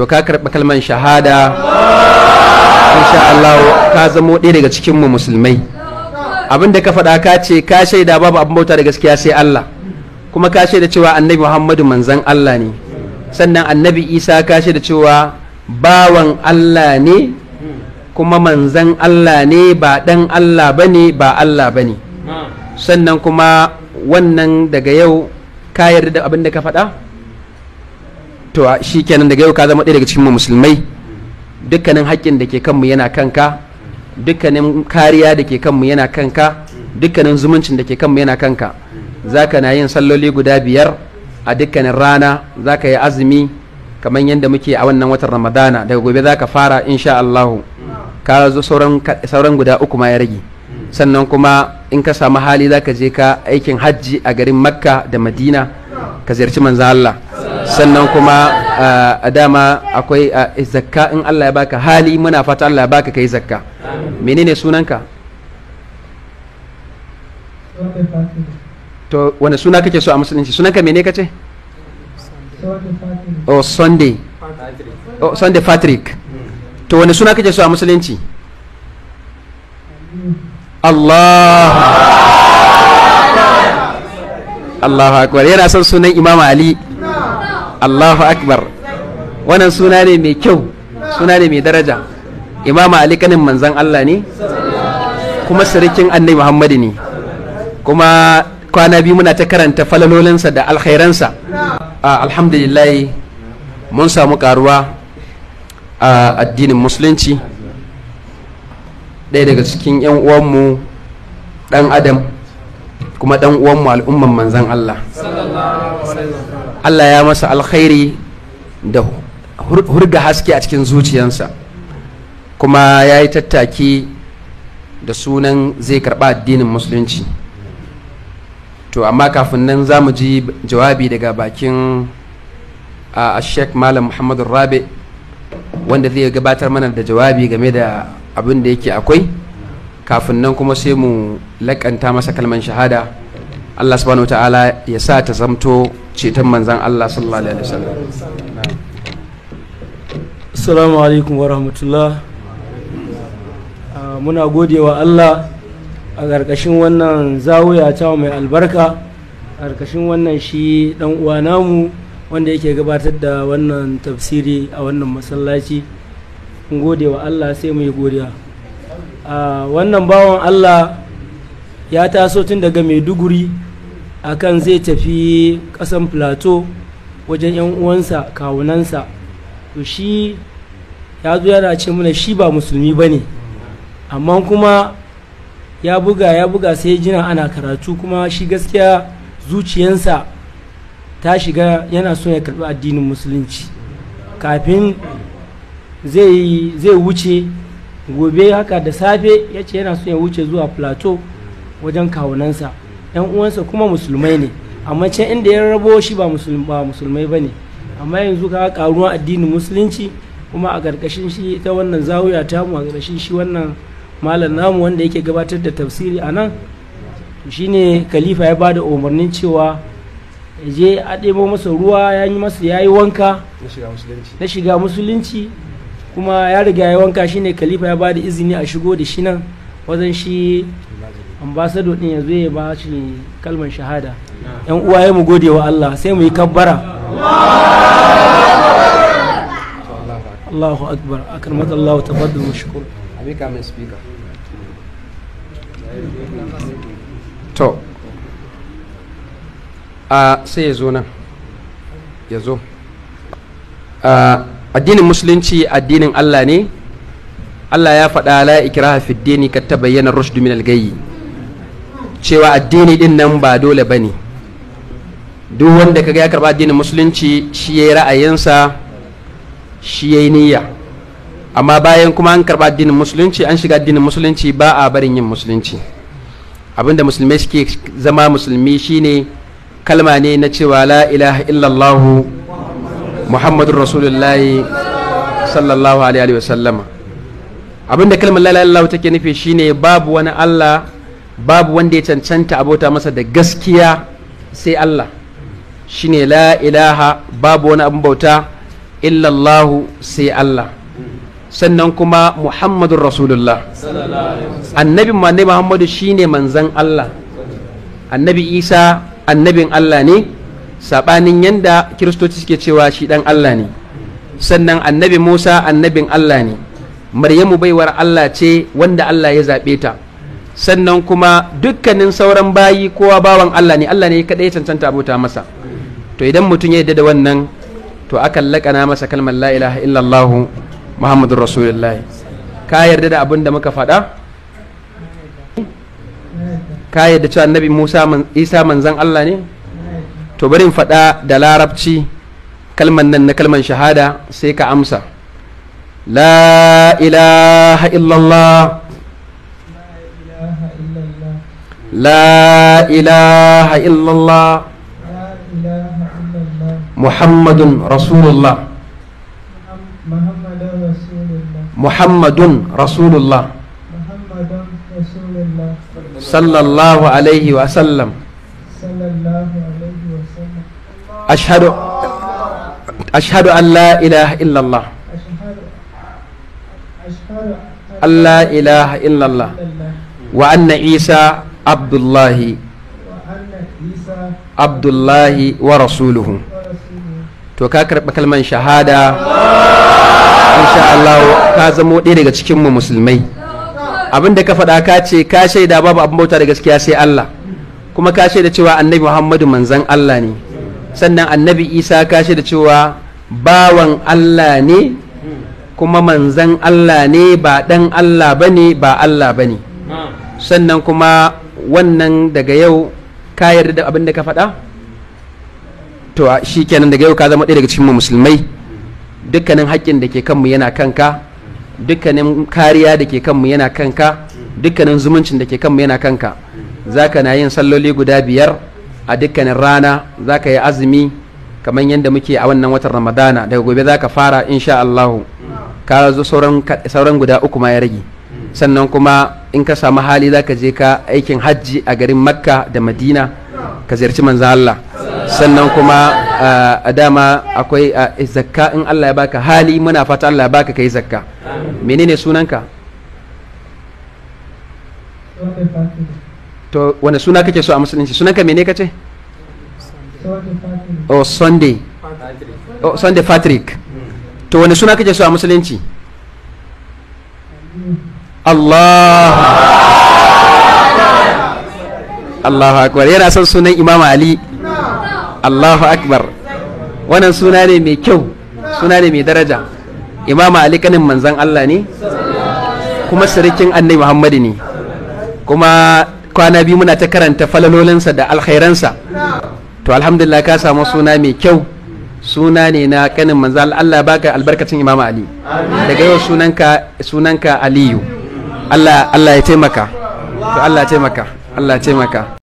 to ka karɓi kalman shahada insha Allah ka zamo ɗaya daga cikin mu musulmai abin da ka faɗa ka ce ka shaida babu abin bauta da gaskiya sai Allah kuma ka shaida cewa annabi Muhammadu manzan Allah ne sannan annabi Isa ka shaida cewa bawan Allah ne kuma manzan Allah ne ba ɗan Allah ba ne ba Allah ba ne sannan kuma wannan daga yau ka yarda da abin da ka faɗa to shi kenan daga yau ka zama ɗaya daga cikin mu musulmai dukkanin haƙƙin da ke kanmu yana kanka dukkanin kariya da ke kanmu yana kanka dukkanin zumuncin da ke kanmu yana kanka za ka na yin salloli guda biyar a dukkanin rana za ka yi azumi kamar yadda muke a wannan watan ramadana daga gobe za ka fara insha allahu ka zo sauran guda uku ma ya rage sannan kuma in ka samu hali za ka je ka aikin hajji a garin makka da madina ka ziyarci manzo allah sannan kuma a dama akwai zakka in Allah ya baka hali muna fata Allah ya baka kai zakka menene sunanka to wani suna kake so a musulunci sunanka mene kace oh sunday oh sunday patrick to wani suna kake so a musulunci Allah Allahu akbar yana son sunan Imam Ali Allahu akbar wannan suna ne mai kyau suna ne mai daraja imama ali kanin manzan Allah ne kuma sirikin annai muhammadu ne kuma kwana biyu muna ta karanta falalolinsa da alkhairansa ah, alhamdulillah mun samu karuwa a addinin musulunci ɗaya daga cikin 'yan uwanmu ɗan adam kuma ɗan uwanmu al'umman manzan Allah Allah ya masa alkhairi da hurga haske a cikin zuciyansa kuma ya yi tattaki da sunan zai karɓa addinin musulunci to amma kafin nan za mu ji jawabi daga bakin a sheik malam muhammadu rabe wanda zai gabatar mana da jawabi game da abin da yake akwai kafin nan kuma sai mu lakanta masa kalman shahada allah subhanahu wa ta'ala ya sa ta zamto ceton manzan Allah sallallahu alaihi wasallam assalamu alaikum wa rahmatullah ah, muna godewa Allah a ƙarƙashin wannan zawuya ta mai albarka a ƙarƙashin wannan shi dan uwa namu wanda yake gabatar da wannan tafsiri a wannan masallaci gode wa Allah sai mu yi godiya ah, wannan bawan Allah ya taso tun daga maiduguri akan zai tafi ƙasan plateau wajen 'yan uwansa kawunansa to shi ya zo yana ce mana shi ba musulmi ba ne amma kuma ya buga ya buga sai jina ana karatu kuma shi gaskiya zuciyansa ta shiga yana son ya karɓi addinin musulunci kafin zai wuce gobe haka da safe ya ce yana son ya wuce zuwa plateau wajen kawunansa yan uwansa kuma musulmai ne amma can inda ya rabo shi ba musulmai ba ne amma yanzu ka karuwan addinin musulunci kuma a ƙarƙashin shi ta wannan zawuya ta mu a ƙarƙashin shi wannan malam namu wanda yake gabatar da tafsiri a nan shi ne kalifa ya bada umarnin cewa je a ɗebo masa ruwa ya yi masa ya yi wanka na shiga musulunci kuma ya riga ya wanka shi ne kalifa ya bada izini a shigo da shi nan wajen shi ambasado din yanzu ya ba shi kalmar shahada yan uwaye mu gode wa Allah sai mu yi kabbara Allahu akbar akramat Allah tafaddal mashkur amika mai speaker to a sai ya zo nan ya zo addinin musulunci addinin Allah ne Allah ya faɗa la ikraha fi dini kat tabayyana rushd min al-gayy cewa addini din nan ba dole ba ne duk wanda kaga ya karba addinin musulunci shi ya yi ra'ayinsa shi ya yi niyya amma bayan kuma an karba addinin musulunci an shiga addinin musulunci ba a barin yin musulunci abinda musulmai suke zama musulmi shine kalma ne na cewa la ilaha illallah muhammadun rasulullahi sallallahu alaihi wa sallama abinda kalmar la ilaha illallah take nufi shine babu wani allah babu wanda ya cancanta abota masa da gaskiya sai Allah ne la ilaha babu wani abin bauta illallahu sai Allah sannan kuma muhammadun rasulullah annabin muhammadu shine manzan Allah annabi isa annabin Allah ne saɓanin yanda kiristoci suke cewa shi ɗan Allah ne sannan annabi musa annabin Allah ne maryamu baiwar Allah ce wanda Allah ya zaɓe ta sannan kuma dukkanin sauran bayi kowa bawan Allah ne Allah ne kaɗai ya cancanta abota masa to idan mutum ya yarda da wannan to akan laƙana masa kalmar la ilaha illallah muhammadur rasulullah ka yarda da abin da muka faɗa ka yarda cewa annabi Musa Isa manzan Allah ne to bari in faɗa da larabci kalmar nan na kalmar shahada sai ka amsa la ilaha illallah لا إله إلا الله محمد رسول الله محمد رسول الله صلى الله عليه وسلم أشهد أشهد أن لا إله إلا الله أن لا إله إلا الله وأن عيسى abdullahi abdullahi wa rasuluhu to ka karɓi kalman shahada insha Allah ka zamo ɗaya daga cikin musulmai abin da ka faɗa ka ce ka shaida babu abin bauta da gaskiya sai Allah kuma ka shaida cewa annabi Muhammadu manzan Allah ne sannan annabi Isa ka shaida cewa bawan Allah ne kuma manzan Allah ne ba ɗan Allah ba ne ba Allah ba ne sannan kuma wannan daga yau ka yarda da abin da ka faɗa to shi kenan daga yau ka zama ɗaya daga cikin musulmai dukkanin haƙƙin da ke kanmu yana kanka dukkanin kariya da ke kanmu yana kanka dukkanin zumuncin da ke kanmu yana kanka za ka na yin salloli guda biyar a dukkanin rana za ka yi azumi kamar yadda muke a wannan watan ramadana daga gobe za ka fara insha allahu ka sauran guda uku ma ya rage sannan kuma in ka samu hali za ka je ka aikin hajji a garin makka da madina ka ziyarci manzo Allah sannan kuma a dama akwai zakka in Allah ya baka hali muna fata Allah ya baka ka yi zakka menene sunanka to wane suna kake so a musulunci sunanka mene kace oh sunday oh sunday patrick to wane suna kake so a musulunci Allah Allahu akbar yana son sunan Imam Ali Allahu akbar wannan suna ne mai kyau suna ne mai daraja Imam Ali kanin manzan Allah ne kuma sirikin annai Muhammadu ne kuma kwana biyu muna ta karanta falalolinsa da alkhairansa to alhamdulillah ka samu suna mai kyau suna ne na kanin manzan Allah baka albarkacin Imam Ali daga yau sunanka sunanka Aliyu Allah ya taimaka Allah ya taimaka Allah ya taimaka